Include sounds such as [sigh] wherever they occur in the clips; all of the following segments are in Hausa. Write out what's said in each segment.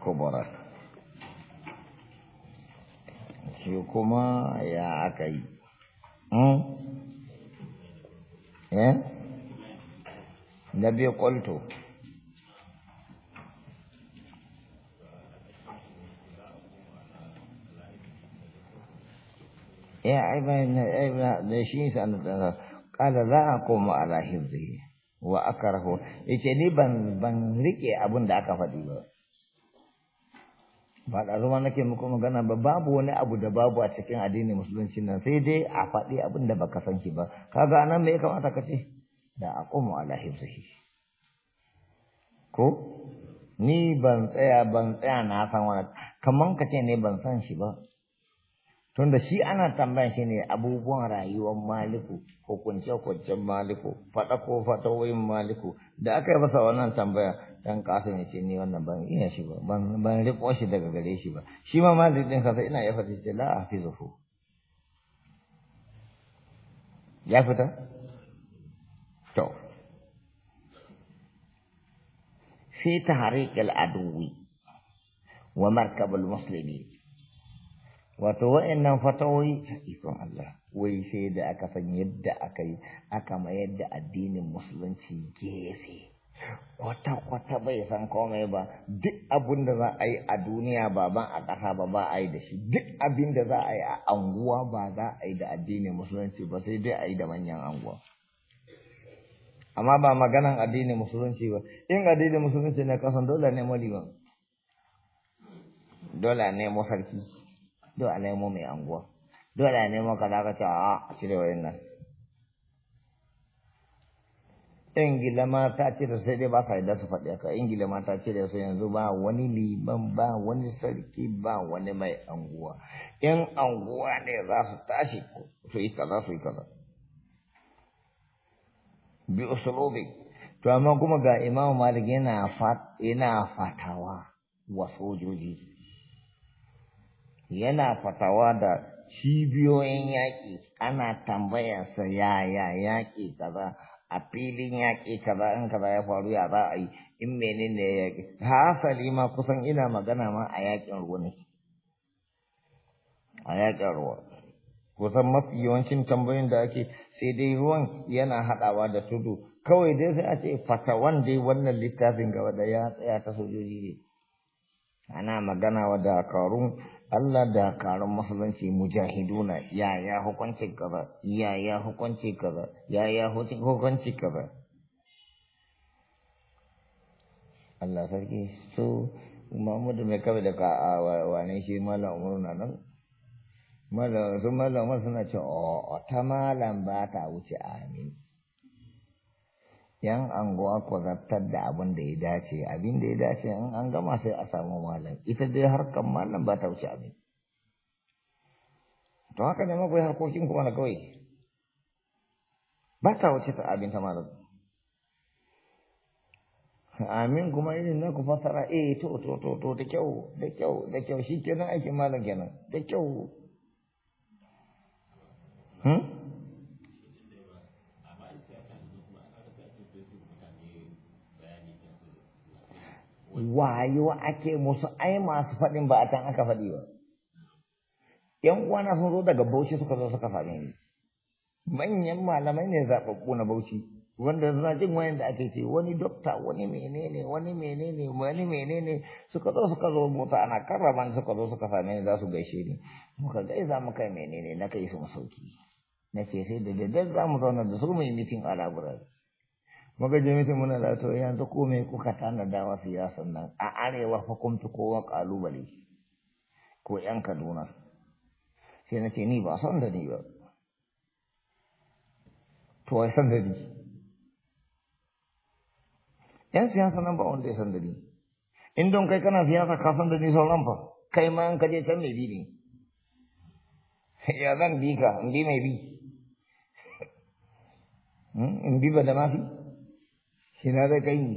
kubarar shi kuma ya aka yi hmm? eh? na biyu kwalto ya eh, aiba da shi sanatan kala za a koma ala hibzi wa aka raho ya ce ni ban rike abin da aka faɗi ba ba da zama nake muku magana ba babu wani abu da babu a cikin addinin musulunci nan sai dai a faɗi abin da baka san shi ba kaga anan me ya kamata ka ce da aqumu ala hifzihi ko ni ban tsaya ban tsaya na san wani kaman ka ce ne ban san shi ba tunda shi ana tambayan shi ne abubuwan rayuwar maliku hukunce hukuncen maliku faɗa ko fatawoyin maliku da aka yi masa wannan tambaya dan kasin ya ce ni wannan ban iya shi ba ban ban riko shi daga gare shi ba shi ma malik din kaza ina ya fata ce la hafizuhu ya fita to fi tahriq al-adwi wa markab al-muslimin wato wa'annan fatawoyi ikon Allah wai sai da aka san yadda aka yi aka mayar da addinin musulunci gefe kwata-kwata bai san komai ba duk abin da za a yi a duniya ba ban a ƙasa ba ba a yi da shi duk abin da za a yi a anguwa ba za a yi da addinin musulunci ba sai dai a yi da manyan anguwa amma ba maganan addinin musulunci ba in addinin musulunci na kasan dole ne ba, dole ne mu sarki dole ne mu mai anguwa dole ne mu kaza ka ce a cire wayannan ingila mata ce da sai dai ba sa yadda su faɗi aka ingila mata ce da su yanzu ba wani liman ba wani sarki ba wani mai anguwa yan anguwa ne za su tashi su yi kaza su yi kaza bi usulobi to amma kuma ga imamu malik yana yana fatawa wa sojoji yana fatawa da cibiyoyin yaƙi ana tambayarsa yaya yaƙi kaza a filin yaƙi kaza in kaza ya faru ya za a yi in menene ya yaƙi hasali ma kusan ina magana ma a yaƙin ruwa ne a yaƙin ruwa kusan mafi yawancin tambayoyin da ake sai dai ruwan yana haɗawa da tudu kawai dai sai a ce fatawan dai wannan littafin gaba da ya tsaya ta sojoji ne ana magana wa dakarun Allah da karin musulunci mujahiduna ya ya hukunci kaza ya ya hukunci kaza ya ya hukunci kaza Allah sarki so Muhammad mai kawai da wane shi Malam Umaru na nan Malam su Malam suna ce o oh, oh, ta malam ba ta wuce amin yan anguwa ku zartar da abin da ya dace abin da ya dace in an gama sai a samu malam ita dai harkar malam ba ta wuce abin to haka ne magoyi harkokin kuma na kawai ba ta wuce ta abin ta malam amin kuma irin na ku fasara eh to to to to da kyau da kyau da kyau shi kenan aikin malam kenan da kyau hmm? wayo ake musu ai masu faɗin ba a can aka faɗi ba. ‘Yan uwana sun zo daga Bauchi suka zo suka faɗi ne. Manyan malamai ne zaɓaɓɓu na Bauchi, wanda suna jin wayan da ake ce wani dokta, wani menene, wani menene, wani menene suka zo suka zo mota ana karrama suka zo suka same ni za su gaishe ni. Muka gaisa muka menene na kai su sauki. Na ce sai da daddare za mu zauna da su mai mitin a muka jami'in muna da to yanzu kome me kuka tanada dawa siyasa nan a arewa hukunta kowa kalubale ko yan kaduna sai na ce ni ba san da ni ba to wai san da ni yan siyasa nan ba wanda ya san da ni in don kai kana siyasa ka san da ni sauran fa kai ma an kaje je can mai bi ne ya zan bi ka in bi mai hmm, bi in bi ba da mafi Shina zai kai ni.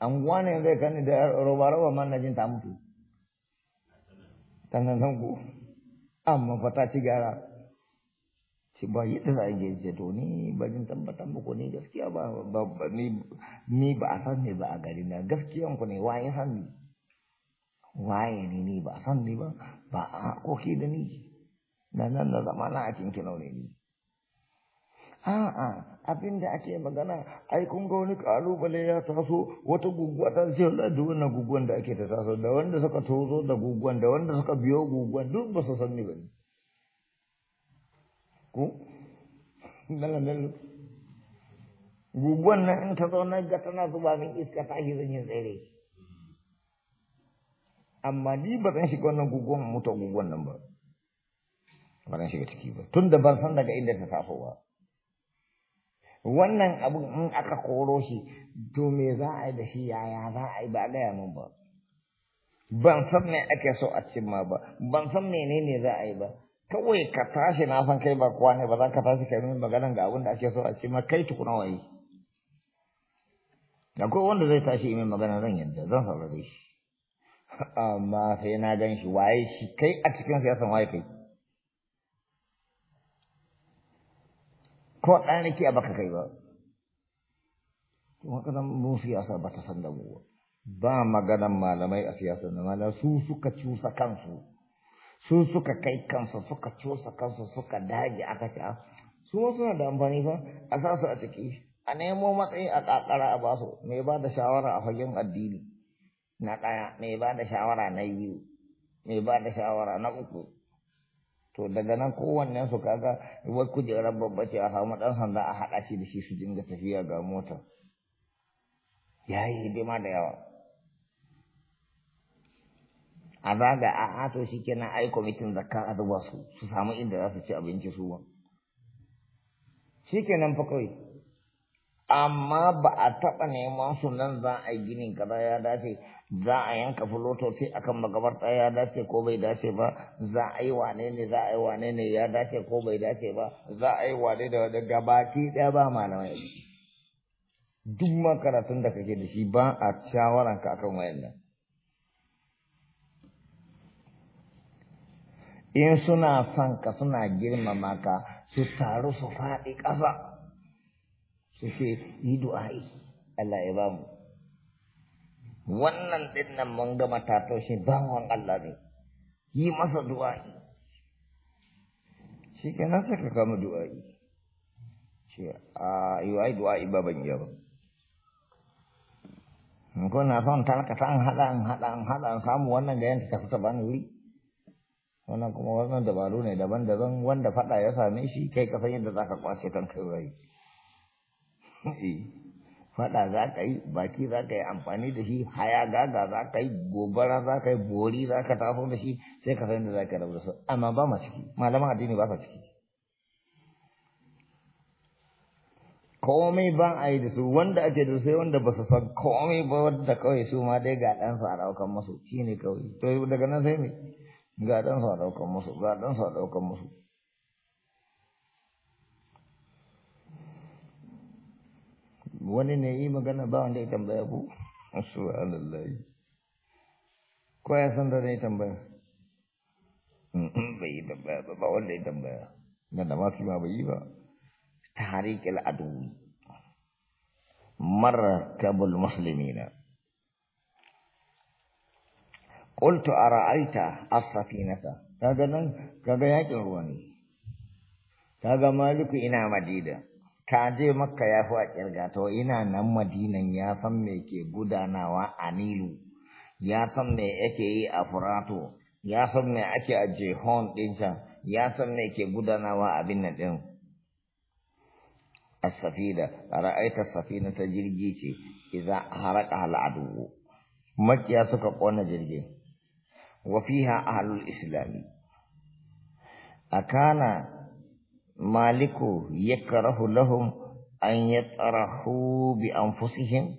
an ne zai kai ni da roba-roba man na jin ta mutu. Tannan ku. Amma fa ta ci gara. Ci ba yi da zai je to ni ba jin tabbatar muku ni gaskiya ba ni ba a san ne ba a gari na gaskiyan ku ne waye san ni. Waye ne ni ba a san ne ba ba a koki da ni. Na nan na zama na a kinkinau ne ni. a'a abin da ake magana ai kun ga wani kalubale ya taso wata guguwa ta zai wala da wannan guguwan da ake ta taso da wanda suka tozo da guguwan da wanda suka biyo guguwan duk ba su san ba ne. ko dala dala guguwan nan in ta zo na ga tana zuba min iska ta yi zanyi yi tsere amma ni ba zan shiga wannan guguwan mutu guguwan nan ba ba zan shiga ciki ba tun da ban san daga inda ta taso ba wannan abin in aka koro shi to me za a yi da shi yaya za a yi ba gaya min ba ban san me ake so a cimma ba ban san menene za a yi ba kawai ka tashi na san kai ba kuwa ne ba za ka tashi kai min maganan ga abin da ake so a cimma kai tukuna waye akwai wanda zai tashi min magana zan yadda zan saurare shi amma sai na gan shi waye shi kai a cikin siyasan waye kai ko ɗan rike a baka kai ba kuma kana mun siyasa ba ta san da mu ba maganan malamai a siyasa na mala su suka cusa kansu su suka kai kansu suka cusa kansu suka dage aka ci su ma suna da amfani fa a sa su a ciki a nemo matsayi a ƙaƙara a basu mai ba da shawara a fagen addini na ɗaya mai ba da shawara na biyu mai ba da shawara na uku to daga nan kowannen su kaga wai kujerar babba ce a samu dan sanda a haɗa shi da shi su dinga tafiya ga mota ya yi hidima da yawa a zaga a ato shi kenan ai kwamitin zakka a zuba su su samu inda za su ci abinci su ba shi kenan fa kawai amma ba a taɓa neman su nan za a yi ginin kaza ya dace za a yanka fulotoci akan magabarta ya dace ko bai dace ba za a yi wane ne za a yi wane ne ya dace ko bai dace ba za a yi wane da wane gabaki ɗaya ba malamai duk ma karatun da kake da shi ba a ka akan nan. in suna son ka suna girmama ka su taru su faɗi ƙasa su ce yi du'a'i Allah ya ba mu wannan din nan mun ga matato shi bangon Allah ne yi masa du'a'i shi kenan saka kama du'a'i shi a yi wa du'a'i ba ban yi ba in kuna son talakata an haɗa an haɗa an haɗa an samu wannan da yanta tafi ta bani wuri wannan kuma wannan dabaru ne daban-daban wanda faɗa ya same shi kai ka san yadda za ka kwashe kan kai wuri [laughs] eh. faɗa za ka yi baki za ka yi amfani da shi haya gaga za ka yi gobara za ka yi bori za ka tafi da shi sai ka san da za ka rabu da su amma ba ma ciki malaman addini ba sa ciki komai ba a yi da su wanda ake da sai wanda ba su san komai ba wanda kawai su ma dai ga su a ɗaukan musu shi ne kawai to daga nan sai ne?" ga su a ɗaukan musu ga su a ɗaukan musu wani ne yi magana ba wanda ya tambaya ku subhanallahi ko ya san da ne tambaya bai yi tambaya ba ba wanda ya tambaya na da mafi ma bai yi ba تحريك العدو مركب المسلمين قلت أرأيت السفينة كذا كذا يجروني كذا مالك إنا مديدة ka je makka ya fi a kirga to ina nan madinan ya san me ke gudanawa a nilu ya san me yake yi a furato ya san me ake a jehon ɗin ya san me ke gudanawa a binnan ɗin السفينة رأيت السفينة جرجيتي إذا حرقها suka مكيا jirgi wa fiha islami. islami Kana. maliku yakrahu lahum an yatrahu bi anfusihim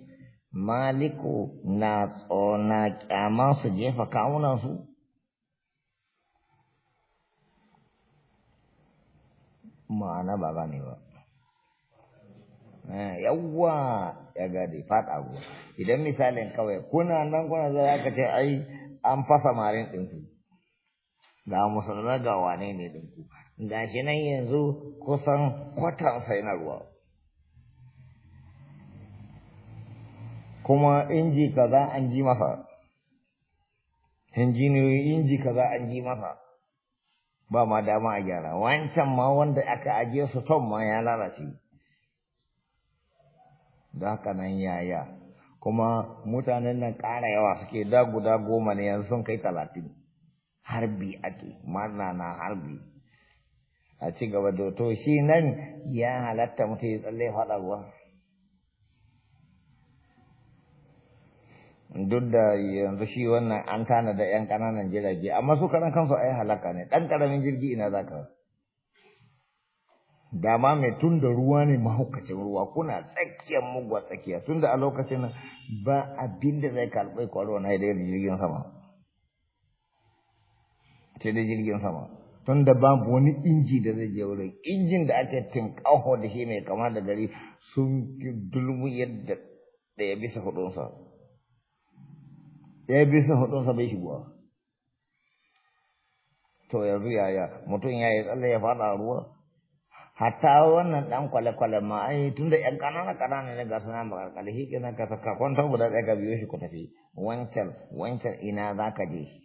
maliku na tsona kyaman su jefa kawunan su ma'ana ba gane ba eh, yawwa ya gade fata go idan misalin kawai kuna nan kuna za ka ce ai an fasa marin ɗinku ga musulmai ga wane ne ɗinku da shi nan yanzu kusan kwatan sai na ruwa kuma inji kaza an ji masa injiniyoyi inji kaza an ji masa ba ma dama a gyara wancan ma wanda aka ajiye su son ma ya lalace da haka nan yaya kuma mutanen nan ƙara yawa suke da guda goma ne yanzu sun kai talatin harbi ake mana na harbi a ci gaba da to shi nan ya halatta mutu ya tsalle faɗa ruwa duk da yanzu shi wannan an tana da yan ƙananan jirage amma su karan kansu ai halaka ne ɗan ƙaramin jirgi ina za ka dama mai tun da ruwa ne mahaukacin ruwa kuna tsakiyar mugwa tsakiya tun da a lokacin ba abin da zai karɓi kwaro na da jirgin sama tun da babu wani inji da zai je wurin injin da ake tinkaho da shi mai kama da gari sun fi dulmu yadda da ya bisa hudunsa ya bisa hudunsa bai shigowa to yanzu yaya mutum ya yi tsalle ya fada ruwa hatta wannan dan kwale-kwale ma ai tun da yan kanana kanana ne ga suna makarkali shi kenan ka saka kwanta guda ɗaya ka biyo shi ku tafi wancan wancan ina za ka je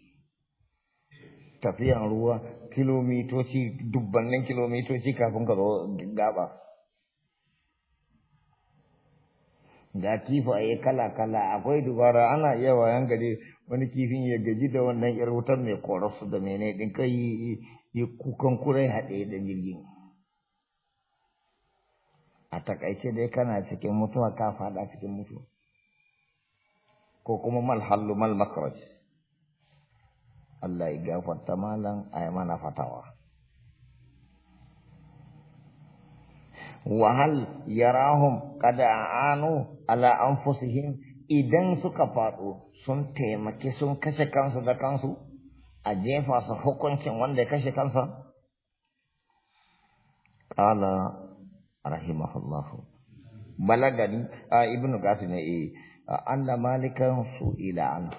tafiyan ruwa kilomitoci dubbannin kilomitoci kafin ka zo gaba ga yi kala-kala akwai dubara ana iya wayan gari wani kifin ya gaji da wannan yar wutar mai korasu da mene din kai yi kukan kurai haɗe da jirgin a takaice dai kana cikin mutuwa ka faɗa cikin mutu ko kuma mal hallu mal Allah ya gafarta malam, a yi mana fatawa. Wahal rahun kada anu ala anfusihim idan suka faɗo sun taimaki sun kashe kansu da kansu a jefa su hukuncin wanda ya kashe kansa? Ƙala rahimahullahu. Balagani, ibnu Gasi ne, Allah eh, malikan su ila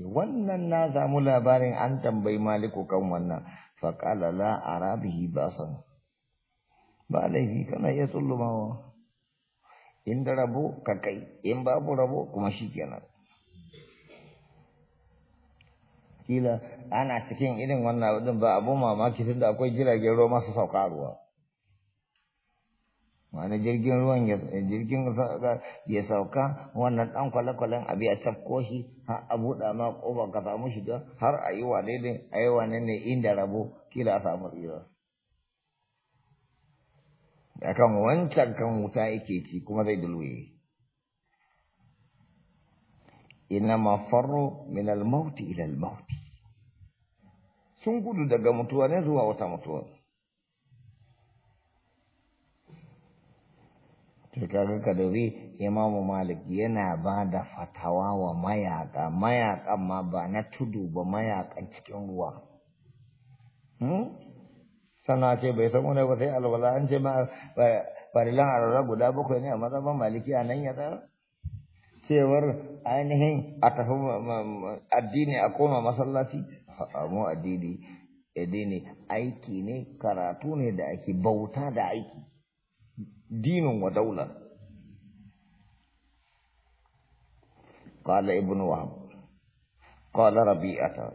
wannan na zamu labarin an tambayi maliku kan wannan faƙala la ara bihi basan ba laifi kana iya tsullumawa in da rabo ka kai in babu rabo kuma shi kenan kila ana cikin irin wannan abin ba abu mamaki tunda akwai jiragen ruwa masu sauka ruwa wani jirgin ruwan eh, jirgin ya sauka wannan dan kwale-kwalen abi a safko shi har a buɗa ma ƙofar ka samu shiga har a yi wane ne a yi wane ne inda rabo kila a samu tsira kan wancan kan wuta yake ci kuma zai dulwe inna ma faru min al mauti ila al mauti sun gudu daga mutuwa ne zuwa wata mutuwa to kaga ka dubi imamu malik yana ba da fatawa wa mayaka mayakan ma ba na tudu ba mayakan cikin ruwa hmm? sana ce bai san wani ba sai alwala an ce ma farilan arara guda bakwai ne a mazaban maliki a nan ya cewar ainihin a tafi addini a koma masallaci mu addini aiki ne karatu ne da ake bauta da aiki Dimin wadau nan. Kwale Ibn Waɗu, kwale Rabi'a ta.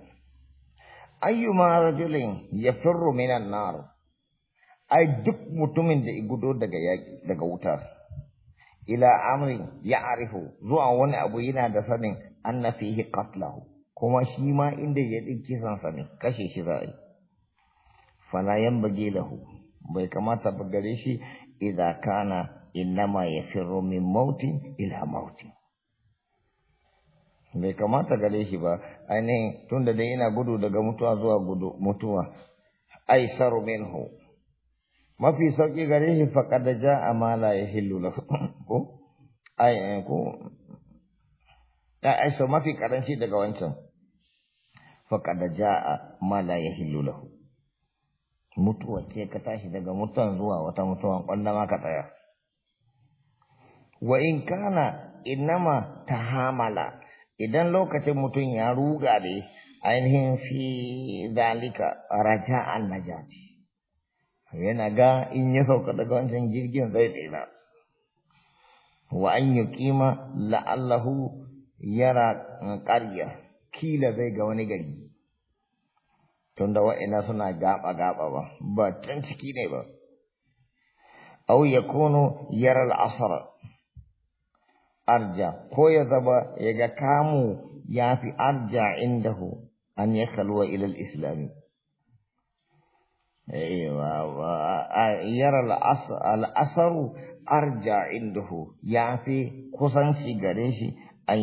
Ayyuma na da julin ya fi na ruwa. duk mutumin da igudo daga yaƙi daga wuta. Ila Amrin ya arifu zuwa wani abu yana da sanin an na fi kuma shi ma inda yadin kisansa ne kashe shi za'a yi. Falaƴen bage nahu, bai kamata ba gare shi. إذا كان إنما yafirru min mauti ila mauti. bai kamata gare shi ba ainihin tun dai ina gudu daga mutuwa zuwa gudu mutuwa saru minhu mafi sauki gare shi faqad jaa ma la yahillu lahu ko ai eh, ko ai mafi karanci daga wancan faqad jaa ma la yahillu lahu mutuwa ce ka tashi daga mutuwan zuwa wata mutuwan kwallama ka tsaya wa in kana inama ta hamala, idan lokacin mutum ya ruga ne ainihin fi zalika raja'an najati yana ga in ya sauka daga wancan jirgin zai tsira wa an kima la'allahu yara ƙarya eh, kila zai ga wani gari tunda wa'ina suna gaba gaba ba ba can ciki ne ba aw yakunu yara al-asr arja ko ya zaba ya ga kamu yafi arja indahu an yakhalwa ila al-islami eh, yara al'asaru arja indahu ya fi kusanci gare shi an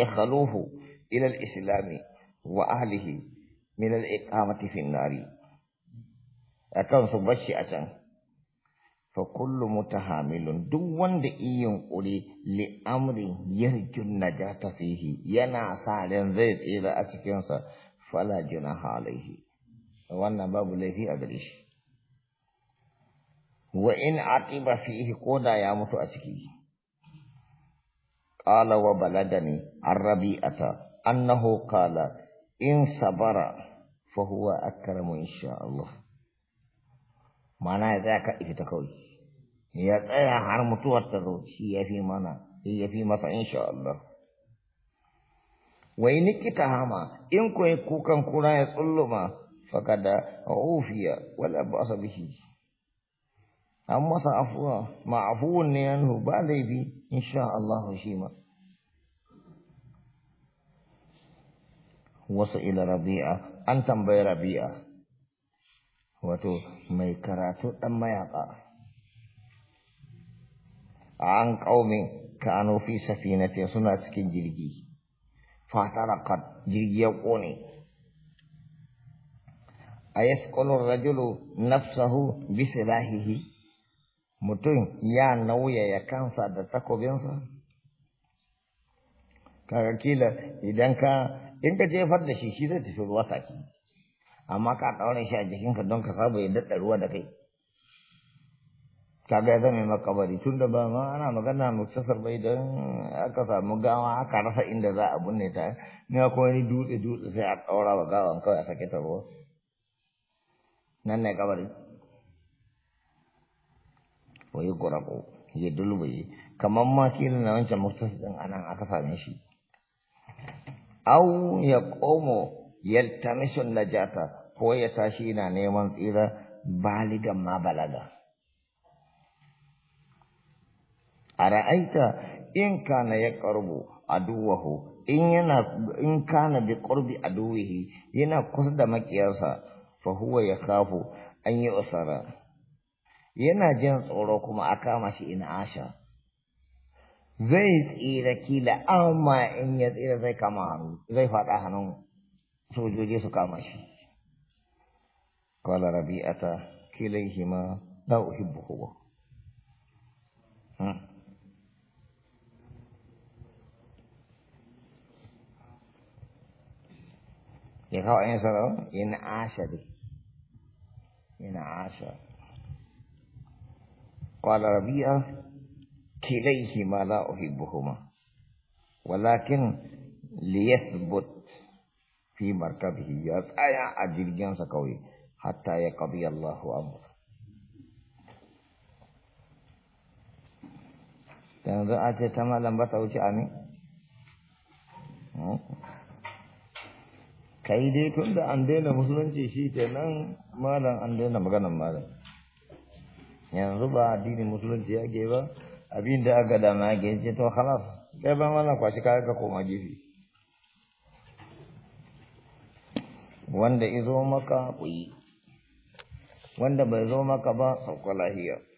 ya khaluhu ilal islami wa ahlihi min al-iqamati fi nari akan su bashi a can fa kullu mutahamilun duk wanda iyin kuri li amrin yarjun najata fihi yana sa ran zai tsira a cikin sa fala junaha wannan babu laifi a gare shi wa in aqiba fihi koda ya mutu a ciki qala wa baladani an naho kala in sabara فهو أكرم إن شاء الله معنى ذاك تكوي هي تأيها حرم توتر هي في معنى هي في مصع إن شاء الله وإن كتهما إن كوي كوكا كنا ما فقد عوفيا ولا بأس به أما صعفوا معفون عنه بالي بي إن شاء الله شيما wasu ila rabi'a an tambayi rabi'a wato mai karatu dan mayaka an ka kanu fi safinati suna cikin jirgi fatarakat jirgi ya kone ayasqulu rajulu nafsahu bi silahihi mutum ya nauya ya kansa da takobinsa kaga kila idan ka Inda ka jefar da shi shi zai tafi ruwa saki amma ka ɗaure shi a jikinka don ka saba ya daɗa ruwa da kai ka ga zama makabari tun da ba ma ana magana muktasar bai don aka samu gawa aka rasa inda za a binne ta ni ko wani dutse dutse sai a ɗaura wa gawan kawai a sake ta ruwa nan ne kabari wai gurako ya dulbe kamar ma kila na wancan muktasar din anan aka same shi au ya komo yaltamisun najata ko ya tashi yana neman tsira baligan ma balaga a ra'aita in kana ya karbu a in yana in kana bi a duwahi yana kusa da makiyarsa fa ya kafu an yi usara yana jin tsoro kuma a kama shi in asha ويز إيدا كيلا أما إن يد إيدا زي كمان زي فاتا هنون سوجو جيسو كامش قال ربي أتا كليهما لا أحب هو يخاو أين سرعو إن عاشا دي إن عاشا قال ربي أتا kilaihi ma la uhibbuhuma walakin liyathbut fi markabihi ya saya ajirgan sakawi hatta ya qabi Allahu amr dan doa je sama lambat tau ci ani hmm. kai dai tun da an daina musulunci shi ta nan malam an daina maganar malam yanzu ba addinin musulunci ya yake ba abin da aka dama ke ce to khalas kai ba mana kwashi kayan ka koma gifi wanda izo maka kuyi wanda bai zo maka ba sauka lahiyar.